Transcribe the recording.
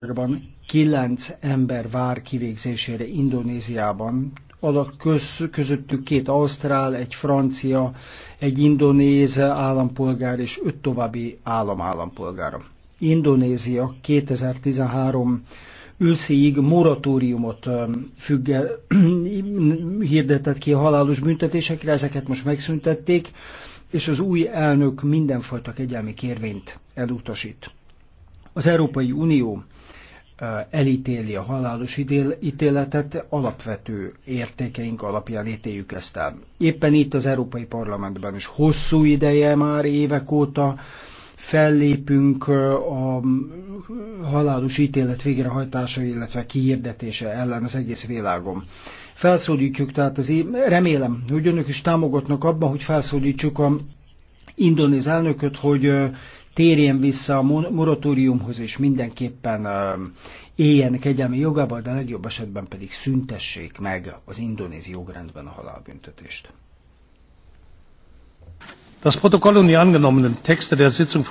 februárban kilenc ember vár kivégzésére Indonéziában, alak köz, közöttük két ausztrál, egy francia, egy indonéz állampolgár és öt további állam állampolgára. Indonézia 2013 őszéig moratóriumot függe, hirdetett ki a halálos büntetésekre, ezeket most megszüntették, és az új elnök mindenfajta kegyelmi kérvényt elutasít. Az Európai Unió elítéli a halálos ítéletet, alapvető értékeink alapján ítéljük ezt el. Éppen itt az Európai Parlamentben is hosszú ideje már évek óta fellépünk a halálos ítélet végrehajtása, illetve kihirdetése ellen az egész világon. Felszólítjuk, tehát az remélem, hogy önök is támogatnak abban, hogy felszólítsuk a indonéz elnököt, hogy térjen vissza a moratóriumhoz, és mindenképpen éljen kegyelmi jogával, de legjobb esetben pedig szüntessék meg az indonézi jogrendben a halálbüntetést. Das Protokoll und die angenommenen Texte der Sitzung